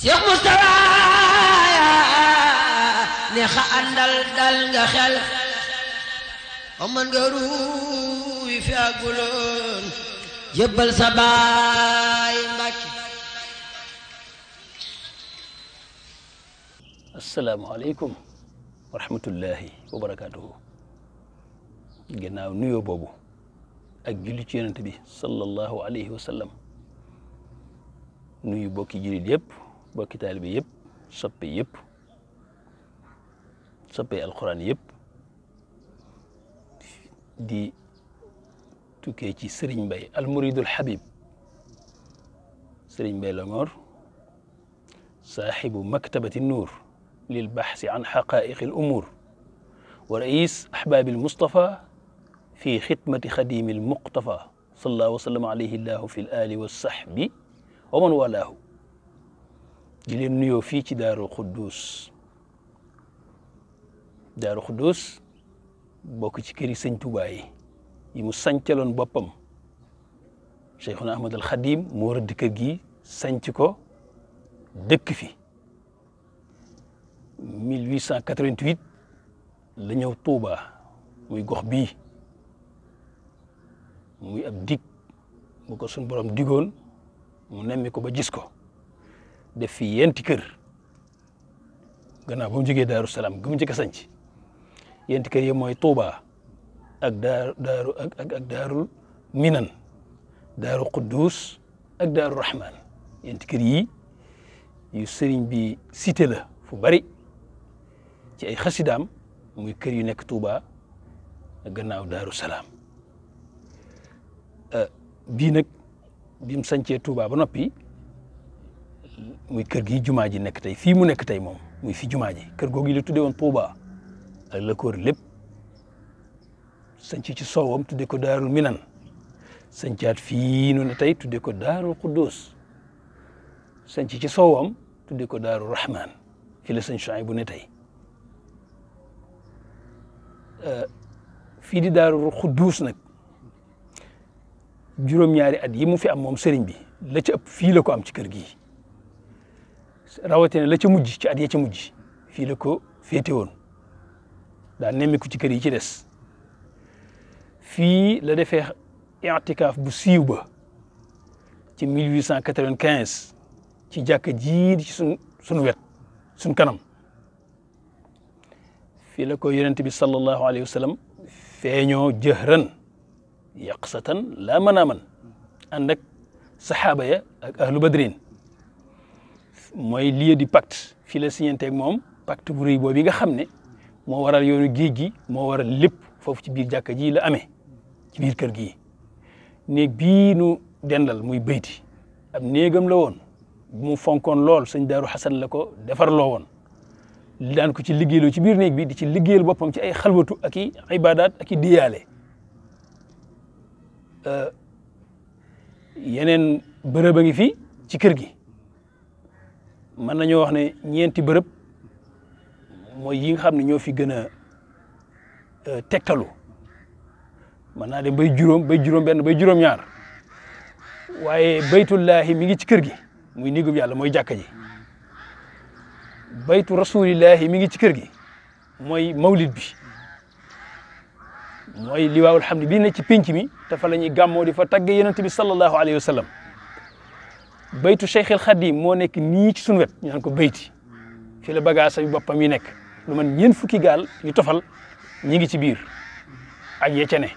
Cheikh Moustapha neexa àndal dal nga xel aman nga ruuy fi àgguloon jébbal sa baay Mbàkke asalaamualeykum wa rahmatullahi wa barakaatuhu ginnaaw nuyoo boobu ak julli ci yonent bi sallallahu alayhi wa sallam nuyu bokki jullit yépp bokki taalibe yëpp soppe yëpp soppe alxuraan yëpp di tukkee ci Serigne Mbaye almuridul Habib Serigne Mbaye Longor saaxibu maktabati nuur lil baxsi an xaqaa'iqi al umuur wa rais ahbaabi al Mustafa fi xidmati xadiimi al Muqtafa sallallahu wa sallam alayhi llahu fi al aali wa sahbi wa man walaahu di leen nuyoo fii ci daaru xudduus daaru xudduus bokk ci këri sëñ Tuubaa yi yi mu sancaloon boppam Cheikhuna Ahmad al Xadim moo rëdd kër gi sanc ko dëkk fi 1888 la ñëw Tuuba muy gox bi muy ab dik bu ko suñ borom digoon mu nemmi ko ba gis ko def fi yenti kër gannaaw bu mu jógee daaru salaam gi mu njëkk a sanc yenti yi mooy Touba ak daaru daaru Minan daaru Quddus ak daaru Rahman yenti yi yu sëriñ bi cité la fu bari ci ay xasidaam muy kër yu nekk Touba gannaaw daaru salaam euh, bii nag bi mu sancee Touba ba noppi muy kër gi jumaa ji nekk tey fii mu nekk tey moom muy fi jumaa ji kër googu la tuddee woon Touba ak la ko wër lépp sanc ci soowam tuddee ko Daarul Minan sancaat fii nu ne tey tuddee ko Daarul Quddus sanc ci soowam tuddee ko Daarul Rahman kila la sëñ bu ne tey euh, fii di Daarul Quddus nag juróom-ñaari at yi mu fi am moom sëriñ bi la ci ëpp fii la ko am ci kër gi rawatina la ca mujj ci at ya ca mujj fii la ko féete woon daa nemmiku ci kër yi ci des fii la defe i'tikaaf bu siiw ba ci 1895 ci jàkka jii ci sun sunu wet sunu kanam fii la ko yonent bi sallallahu alayhi wa sallam feeñoo jëhran yaqsatan laa manaaman ànd ak saxaaba ya ak ahlu badrin mooy lieu du pacte fii la moom pacte bu boobu yi nga xam ne moo waral yoonu géej gi moo waral lépp foofu ci biir jàkka ji la amee ci biir kër gi néeg bii nu dendal muy béyti ab néegam la woon mu fonkoon lool sëñ Daaru Xasan la ko defar loo woon daan ko ci liggéeyloo ci biir néeg bii di ci liggéeyal boppam ci ay xalwatu ak i ibaadaat ak i diyaale euh, yeneen bërëb a ngi fi ci kër gi mën nañoo wax ne ñeenti bërëb mooy yi nga xam ne ñoo fi gën a euh, tegtalu mën naa dem bay juróom bay juróom benn bay juróom ñaar waaye baytullahi mi ngi ci kër gi muy nigub yàlla mooy jàkka ji baytu rasulillahi mi ngi ci kër gi mooy mawlid bi mooy liwaawul xam ne bii ne ci pénc mi te fa la ñuy gàmmoo di fa tagge yonent bi sallallahu alayhi wa sallam baytu Cheikhil Khadim moo nekk nii ci sun wet ñu ko bayti fii la bagage boppam yi nekk lu man ñeent fukki gaal yu tofal ñi ngi ci biir ak yecene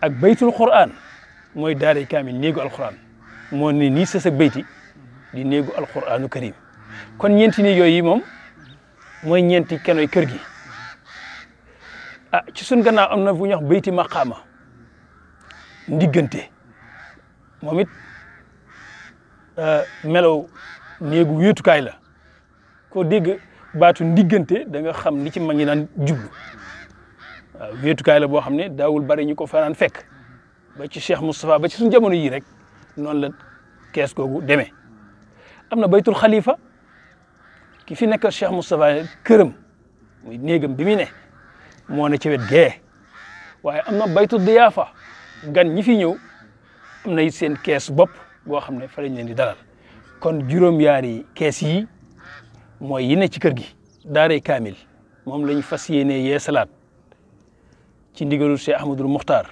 ak baytul Qur'an mooy daaray kaamil néegu alquran moo ne nii sës ak bayti di néegu alquranu karim kon ñeenti ni yooyu moom mooy ñeenti kenoy kër gi ah ci suñ gannaaw am na bu ñuy wax bayti maqaama ndiggante moom it euh, melow néegu wéetukaay la koo dégg baatu ndiggante danga xam ni ci mag ñi daan jublu waaw la boo xam ne daawul bari ñu ko fanaan fekk ba ci Cheikh Moustapha ba ci suñu jamono yii rek noonu la kees googu demee am na baytul xalifa ki fi nekk Cheikh Moustapha këram muy néegam bi muy ne moo ne ci wet gee waaye am na baytu diyaafa gan ñi fi ñëw am seen kees bopp boo xam ne fa lañ leen di dalal kon juróom-yaari kees yi mooy yi ci kër gi. daaray kaamil moom lañ fas yéenee yee salaat ci ndigalul Cheikh Ahmadul Muxtaar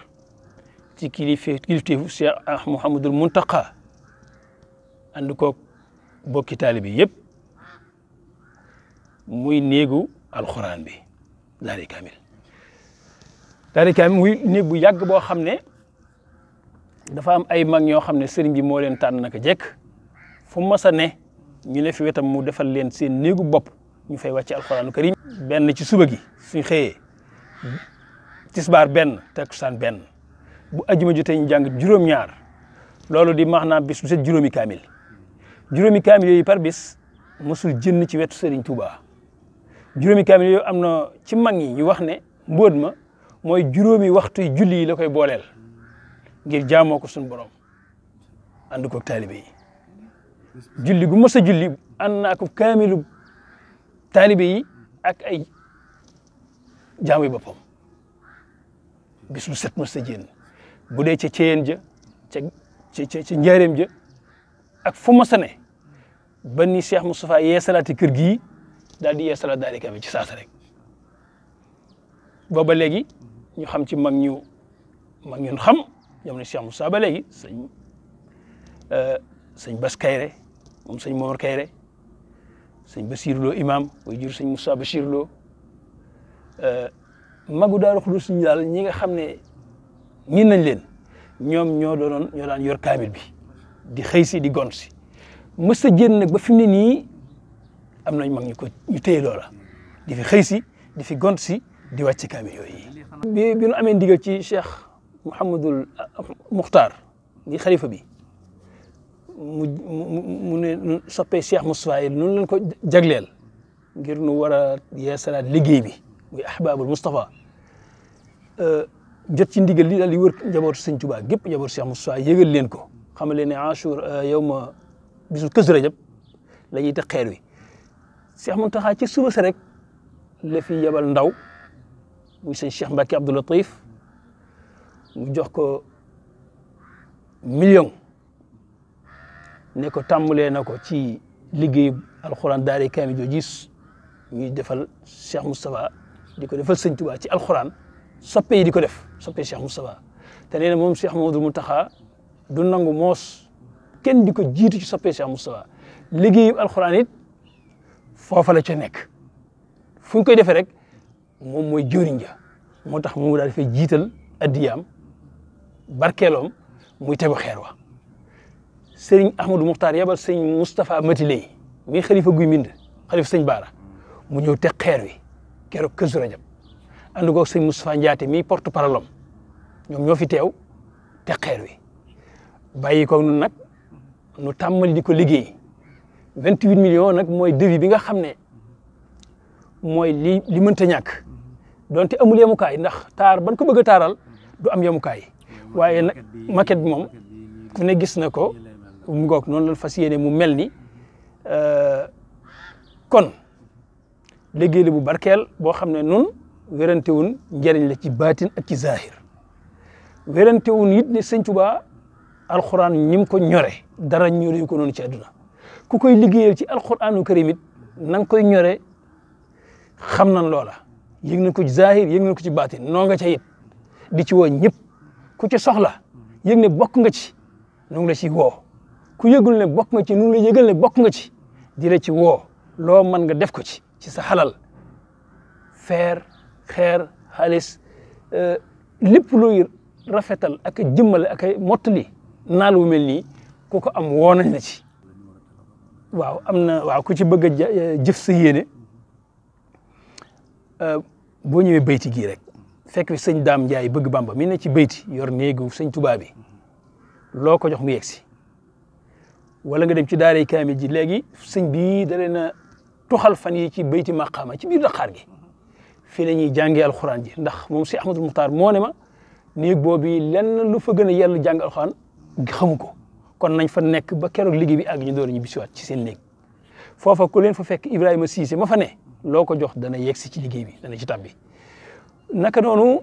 ci kilifa kilifteefu Cheikh Mouhamadul Muntaqa ànd koog bokki taalibe bi yëpp muy néegu alxuraan bi daaray kaamil daaray kaamil muy néeg bu yàgg boo xam ne. dafa am ay mag yoo xam ne sëriñ bi moo leen tànn naka jekk fu mas a ne ñu ne fi wetam mu defal leen seen néegu bopp ñu fay wàcce alxuraanu karim benn ci suba gi suñ xëyee tisbaar benn te takkusaan benn bu ajuma jotee ñu jàng juróom-ñaar loolu di maanaam bis bu set juróomi kaamil juróomi kaamil yooyu par bis mosul jënn ci wetu sëriñ Touba juróomi kaamil yooyu am na ci mag yi ñu wax ne mbóot ma mooy juróomi waxtu julli yi la koy booleel ngir jaamoo ko suñu borom ànd koog taalibe yi julli gu mos julli ànd naa ko kaamilu taalibe yi ak ay jaamu yi boppam gis set mos a bu dee ca Ceyeen ja ca Njaareem ja ak fu mos a ne ba ni Cheikh yeesalaati kër gii daal di yeesalaat daal di ci saasa ba booba léegi ñu xam ci mag ñu mag ñun xam. jamono Cheikh Moussa ba léegi sëñ euh, sëñ Bas Kayre moom sëñ Momar Kayre sëñ Basir Lo imam way jur sëñ Moussa Bachir Lo euh, magu Daaru Xudus ñi daal ñi nga xam ne ñin nañ leen ñoom ñoo doonoon ñoo daan yor kaamil bi di xëy si di gont si mës a génn nag ba fi ne nii am nañ mag ñu ko ñu téye loola di fi xëy si di fi gont si di wàcc kaamil yooyu bi bi nu amee ndigal ci Cheikh Mouhamadul euh, Muxtaar di xalifa bi mu mu ne soppee Cheikh Moustapha yi noonu lañ ko jagleel ngir nu war a yeesalaat liggéey bi muy ahbaabul Moustapha euh, jot ci ndigal li daal di wër njabootu Sëñ Tuubaa gépp njabootu Cheikh Moustapha yëgal leen ko xamal leen ne Ashur euh, yow ma bisu Kazu Rajab la ñuy teg xeer wi Cheikh Mountakha ci suba sa rek la fi yebal ndaw muy sëñ Cheikh Mbacke Abdou Latif mu jox ko million ne ko tàmbalee na ko ci liggéey alxuraan daari kaami jooju ñuy defal Cheikh Moustapha di ko defal sëñ ci alxuraan soppe yi di ko def soppe Cheikh Moustapha te nee moom Cheikh Mamadou Mountakha du nangu moos kenn di ko jiitu ci soppe Cheikh Moustapha liggéeyu alxuraan it foofa la ca nekk fu koy defee rek moom mooy jëriñ ja moo tax mu daal di fay jiital addiyaam barkeeloom muy tegu xeer wa sëriñ Ahmadou Moukhtar yabal sëñ Moustapha Matiley mi xalifa guy mbind xalifa sëñ Baara mu ñëw teg xeer wi keroog Kazu Rajab ànd koog sëñ Moustapha Ndiaate mi porte parole am ñoom ñoo fi teew teg xeer wi bàyyi ko nag nu tàmmali di ko liggéey vingt huit millions nag mooy devis bi nga xam ne mooy li li mënta ñàkk donte amul yemukaay ndax taar ban ko bëgg a taaral du am yemukaay waaye nag maquette bi moom ku ne gis na ko mu ngoog noonu la fas yéene mu mel ni euh, kon liggéey la bu barkeel boo xam ne nun wérante wun njëriñ la ci baatin ak ci zahir wérante wun it ne sëñ Tuba alxuraan ñim ko ñore dara ñoree ko noonu ci àdduna ku koy liggéeyal ci alxuraanu karim it na nga koy ñore xam nan loola yëg nañ ko ci zahir yëg nañ ko ci baatin noo nga ca it di ci woo ñëpp ku ci soxla yëg ne bokk nga ci nu la ci woo ku yëgul ne bokk nga ci nu la yëgal ne bokk nga ci di la ci woo loo mën nga def ko ci ci sa xalal feer xeer xaalis euh, lépp luy rafetal ak a jëmmale ak a mottali naal wu mel nii ku ko am woo nañ la ci waaw am na waaw ku ci bëgg a jëf sa yéene euh, boo ñëwee bayti gii rek fekk fi sëñ daam Ndiaye bëgg bamba mi ne ci béyti yor néegu sëñ Tuubaa bi loo ko jox mu yegg si wala nga dem ci daaray kaamil ji léegi sëñ bii da leen a toxal fan yi ci béyti maqaama ci biir daqaar gi fii la ñuy jàngee alxuraan ji ndax moom si Ahmadul Muxtaar moo ne ma néeg boobu lenn lu fa gën a yàlla jàng alxuraan xamu ko kon nañ fa nekk ba keroog liggéey bi àgg ñu door ñu bissiwaat ci seen néeg foofa ku leen fa fekk Ibrahima Cissé ma fa ne loo ko jox dana yegg si ci liggéey bi dana ci tàbbi naka noonu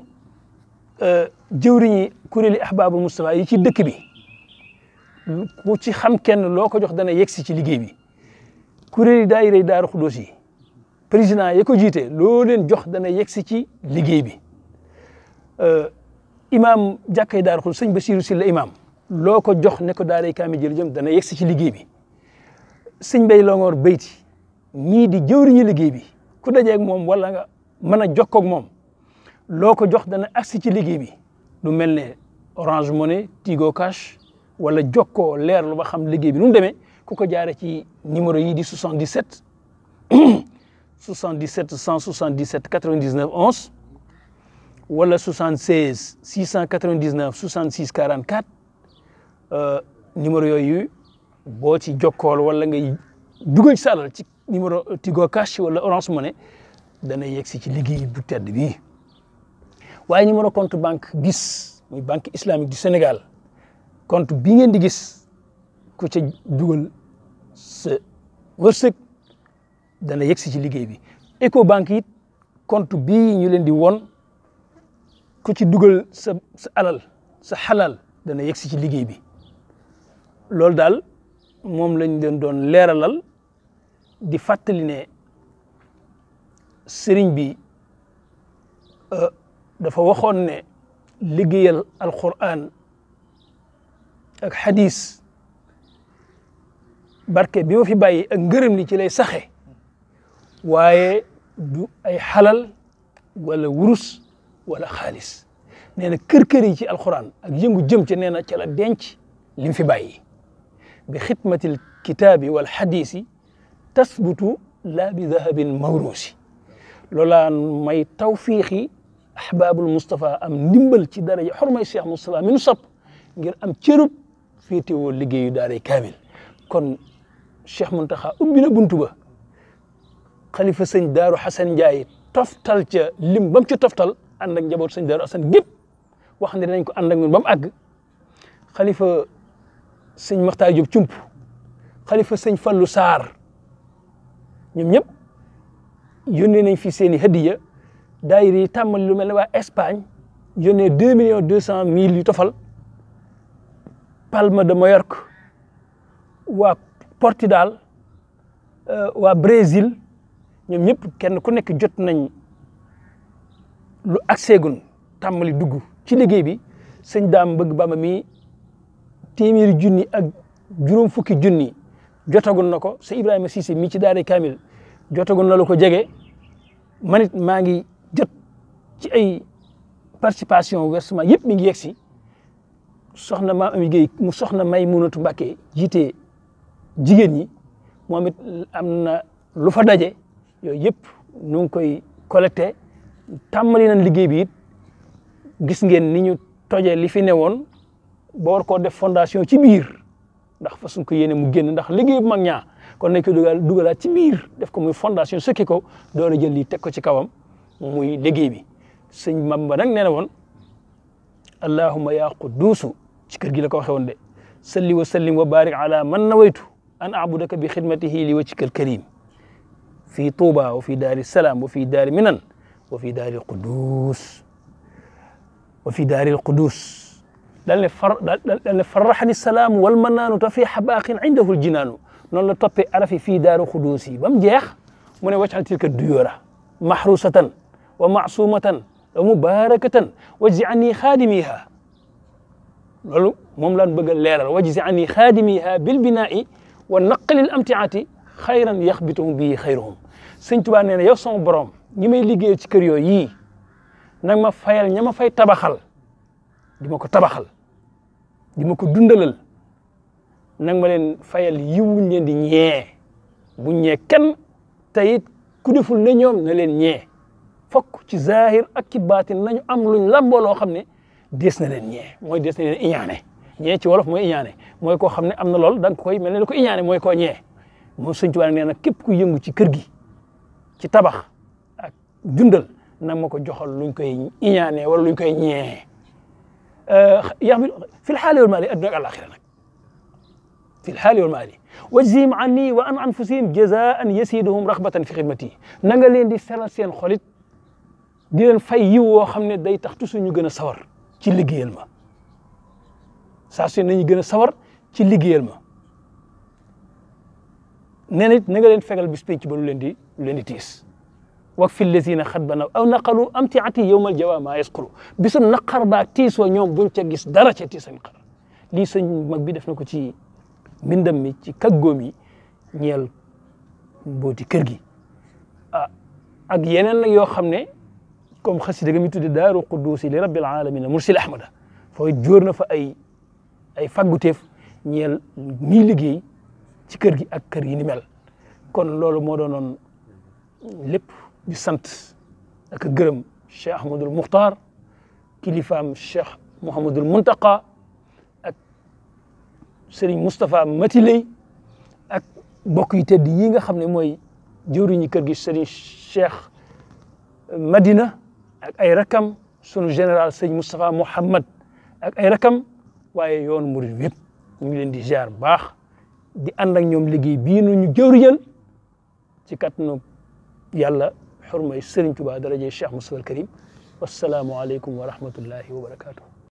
euh, jëwriñi kuréeli ahbaabul Moustapha yi ci dëkk bi ku ci xam kenn loo ko jox dana yegsi ci liggéey bi kuréeli yi daaru xudóos yi président ya ko jiite loo leen jox dana yegsi ci liggéey bi euh, imaam jàkkay daaru xudóos sëñ si la imaam loo ko jox ne ko daaray kaami jël jëm dana yegsi ci liggéey bi sëñ Bay Longoor Bayti ñii di jëwriñu liggéey bi ku dajeeg moom walla nga mën a jokkoo ak moom loo ko jox dana agsi ci liggéey bi lu mel ne Orange mone Tigo Cash wala jokkoo leer lu ba xam liggéey bi nu mu demee ku ko jaare ci numéro yi di 77 77 177 99 11 wala 76 699 66 44 numéro yooyu boo ci jokkool wala nga dugal ci ci numéro euh, Tigo Cash wala Orange Money dana yegg si ci liggéey bu tedd bi waaye numéro compte banque gis muy banque islamique du senegal compte bii ngeen di gis ku ca dugal sa wërsëg dana yegsi ci liggéey bi Ecobank yit compte bii ñu leen di won ku ci dugal sa sa alal sa xalal dana yegsi ci liggéey bi loolu daal moom lañ leen doon leeralal di fàttali ne sëriñ bi euh, dafa waxoon ne liggéeyal alquran ak xadis barke bi ma fi bàyyi ak ngërëm li ci lay saxe waaye du ay xalal wala wurus wala xaalis nee na kër-kër yi ci alquran ak yëngu jëm ci nee na ca la denc li fi bàyyi bi xidmatil kitaabi wal xadisi tasbutu laa bi dahabin mawruusi loolaa may tawfiixi ahbaabul Moustapha am ndimbal ci daraja xormay Cheikh Moustapha mi nu sopp ngir am cërub féetewoo liggéeyu daaray kaamil kon Cheikh Mountakha ubbi buntu ba xalifa sëñ Daaru Xasan Ndiaye toftal ca lim ba mu ci toftal ànd ak njaboot sëñ Daaru Xasan gépp wax ne dinañ ko ànd ak ñun ba mu àgg xalifa sëñ Maxtaar Diop Cump xalifa sëñ Fallou Sarr ñoom ñëpp yónnee nañ fi seeni i hadiya daayira yi tàmmal lu mel ne waa Espagne yónnee deux millions deux cent mille yu tofal Palma de Mallorca waa Portugal euh, waa Brésil ñoom ñëpp kenn ku nekk jot nañ lu accès gun tàmmali dugg ci liggéey bi sëñ daam bëgg Bamba mi téeméeri junni ak juróom fukki junni jotagun na ko sa Ibrahima Cissé mi ci daare Kamil jotagun na lu ko jege manit maa ngi ci ay participation versement yëpp mi ngi yegg si soxna ma am mu soxna may munatu Mbàkke jiite jigéen ñi moom it am na lu fa daje yooyu yëpp nu ngi koy collecté tàmmali nañ liggéey bi it gis ngeen ni ñu tojee li fi newoon ba war def fondation ci biir ndax fasuñ ko yéene mu génn ndax liggéey bu mag ñaa kon nañ ko dugal dugalaat ci biir def ko muy fondation sëkki ko doon a jël lii teg ko ci kawam muy liggéey bi sëñ Bamba nag nee na woon allahuma yaa quduusu ci kër gi la ko waxee woon de salli wa sallim wa barik ala man nawaytu an abudaka bi xidmatihi li wajhikal karim fi Touba wa fi daari salaam wa fi daari minan wa fi daari quduus wa fi daari alquduus daal ne far daal ne farraxani salaam wal manaanu ta fi xabaaqin indahu ljinaanu noonu la toppee arafi fii daaru quduus yi ba mu jeex mu ne waccal tilka duyoora maxruusatan wa macsuumatan wa mubarakatan wajzi anni xaadimiha loolu moom laan bëgg a leeral wajzi anni xaadimiha bil binaa'i wa naqlil amtiati xayran yaxbituhum bii xayruhum sëñ Tuubaa nee na yow sama borom ñi may liggéey ci kër yooyu yii nag ma fayal ña ma fay tabaxal di ma ko tabaxal di ma ko dundalal nag ma leen fayal yiwuñ leen di ñee bu ñee kenn te it ku deful na leen ñee fokk ci zahir ak ci baatin nañu am luñ lamboo loo xam ne dees na leen ñee mooy dees na leen iñaane ñee ci wolof mooy iñaane mooy koo xam ne am na lool da koy mel ne da ko iñaane mooy koo ñee moom Sëñ Tuubaa na képp ku yëngu ci kër gi ci tabax ak dundal na ma ko joxal luñ koy iñaane wala luñ koy ñee eh, yaa mi fi lxaali wal maali adduna ak àlaxira nag fi lxaali wal maali wajzihim anni wa an anfusihim jazaan yasiduhum raxbatan fi xidmati na nga leen di selal seen xolit di fay yiw woo xam ne day tax su ñu gën a sawar ci liggéeyal ma saa su nañu gën a sawar ci liggéeyal ma nee na it na nga leen fegal bis pénc ba lu leen di leen di tiis wak fi lazina xat banaw aw naqalu am ti ati yowmal jawa maa bis bisu naqar baak tiis wa ñoom buñ ca gis dara ca tiis ak naqar lii sëñ mag bi def na ko ci mbindam mi ci kàggoom yi ñeel mbooti kër gi ah yeneen yoo xam ne comme xasida ga mi tudde daaru quddusi li rabbil alamina mursil ahmada fooy jóor na fa ay ay fagguteef ñeel ñiy liggéey ci kër gi ak kër yi ni mel kon loolu moo doonoon lépp di sant ak gërëm Cheikh Ahmadul Muxtaar kilifaam Cheikh Mouhamadul Muntaqa ak Serigne Moustapha Matiley ak mbokk yu tedd yi nga xam ne mooy jëwriñu kër gi Serigne Cheikh Madina ak ay rakam sunu général sëñ Moustapha Mouhamad ak ay rakam waaye yoonu murid wépp mu ngi leen di ziar bu baax di ànd ak ñoom liggéey bii nu ñu jëwriñal ci kàttanu yàlla xurmay Sëriñ Tuubaa daraje Cheikh Moustapha al Karim wasalaamualeykum wa rahmatullahi wa barakaatu.